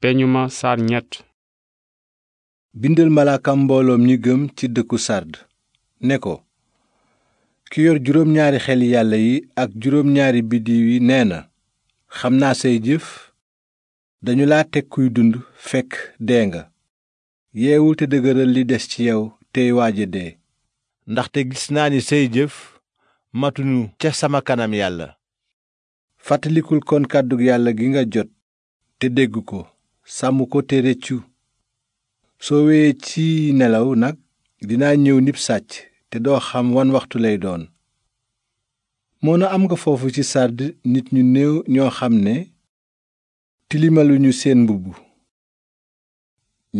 peñu ma saar ñett bindal malaakam mbooloom ñi gëm ci dëkku sàrd ne ko ki yor juróom ñaari xeli yàlla yi ak juróom ñaari biddiw yi nee na xam naa say jëf dañu la teg kuy dund fekk dee nga yeewul te dëgëral li des ci yow tey waaja dee ndaxte gis naa ni say jëf matunu ca sama kanam yàlla fàttalikul kon kàddug yàlla gi nga jot te dégg ko sàmm ko te rëccu soo wee ci nelaw nag dinaa ñëw nib sàcc te doo xam wan waxtu lay doon moona am nga foofu ci sàdd nit ñu néew ñoo xam ne tilimaluñu seen mbubb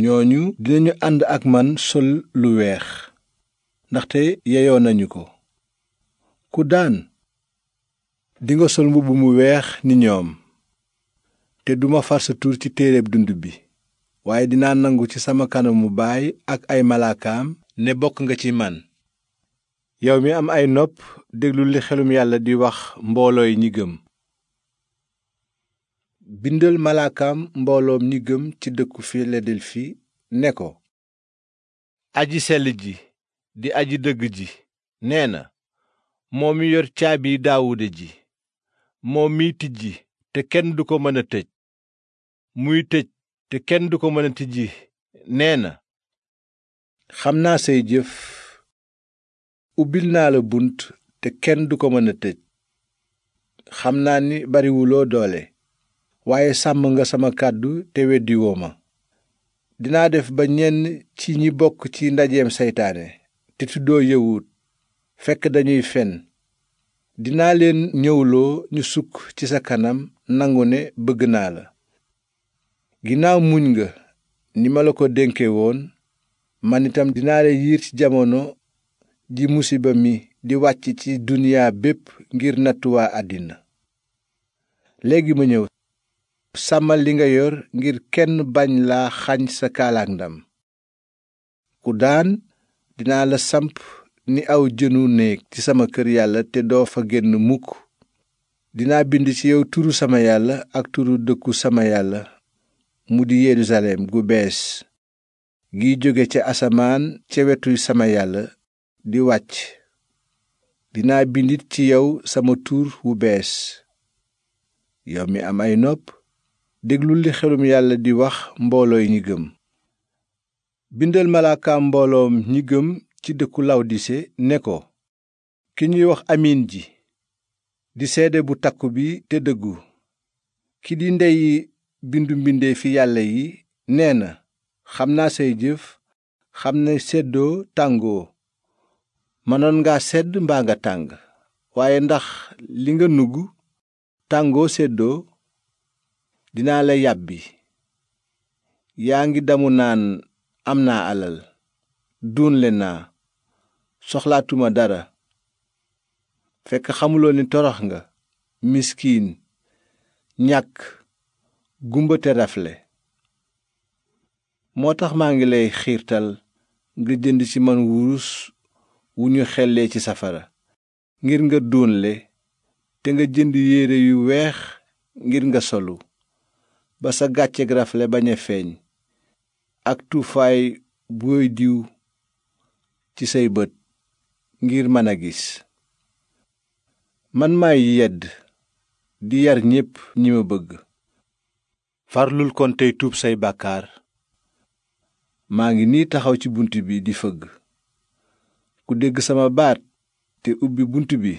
ñooñu dinañu ànd ak man sol lu weex ndaxte yeyoo nañu ko ku daan dinga sol mbubb mu weex ni ñoom te duma far sa ci téereb dund bi waaye dinaa nangu ci sama kanamu baay ak ay malaakaam ne bokk nga ci man yow mi am ay nopp déglu li xelum yàlla di wax mboolooy ñi gëm malaakaam mbooloom ñi gëm ci dëkku filadelfi ne ko aji sell ji di aji dëgg ji nee na moo yor caabi daawuda ji moo miy tijji te kenn du ko mën a tëj muy tëj te kenn du ko mën a tijji nee na xam naa say jëf ubbil naa la bunt te kenn du ko mën a tëj xam naa ni bariwuloo doole waaye sàmm nga sama kàddu te weddiwoo ma dinaa def ba ñenn ci ñi bokk ci ndajeem seytaane te tuddoo yëwut fekk dañuy fenn dinaa leen ñëwloo ñu sukk ci sa kanam nangu ne bëgg naa la ginnaaw muñ nga ni ma la ko dénke woon man itam dinaa la yiir ci jamono ji musiba mi di wàcc ci duniyaa bépp ngir nattu waa àddina léegi ma ñëw sàmmal li nga yor ngir kenn bañ laa xañ sa kaalaak ndam ku daan dinaa la samp ni aw jënu néeg ci sama kër yàlla te doo fa génn mukk dinaa bind ci yow turu sama yàlla ak turu dëkku sama yàlla mu di yerusalem gu bees giy jóge ca asamaan ca wetu sama yàlla di wàcc dinaa bindit ci yow sama tuur wu bees yow mi am ay nopp déglul li xelum yàlla di wax mboolooy ñi gëm bindal malaakaam mbooloom ñi gëm ci dëkku lawdise ne ko ki ñuy wax amiin ji di seede bu takku bi te dëggu ki di ndeyi bindu fi yàlla yi nee na xam naa say jëf xam ne seddoo tàngoo mënoon nga sedd mbaa nga tàng waaye ndax li nga nugg tàngoo seddoo dinaa la yàbbi yaa ngi damu naan am naa alal duunle naa soxlaatuma dara fekk xamuloo ni torox nga miskiin ñàkk gumba rafle moo tax maa ngi lay xiirtal nga jënd ci man wurus wu ñu xellee ci safara ngir nga doonle te nga jënd yére yu weex ngir nga solu ba sa gàcceg rafle bañ a feeñ ak tuufaay booy diw ci say bët ngir mën a gis man maay yedd di yar ñépp ñi ma bëgg farlul kon tey tuub say bàkkaar maa ngi nii taxaw ci bunt bi di fëgg ku dégg sama baat te ubbi bunt bi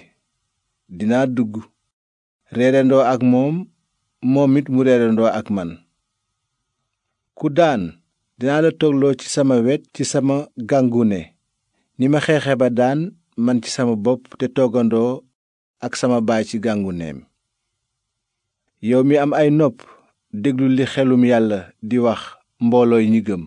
dinaa dugg reerandoo ak moom moom it mu reerandoo ak man ku daan dinaa la togloo ci sama wet ci sama gàngune ni ma xeexe ba daan man ci sama bopp te toggandoo ak sama baay ci gànguneem yow mi am ay nopp déglu li xelum yàlla di wax mboolooy ñi gëm